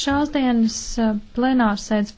Šās dienas eh, plenārsēdes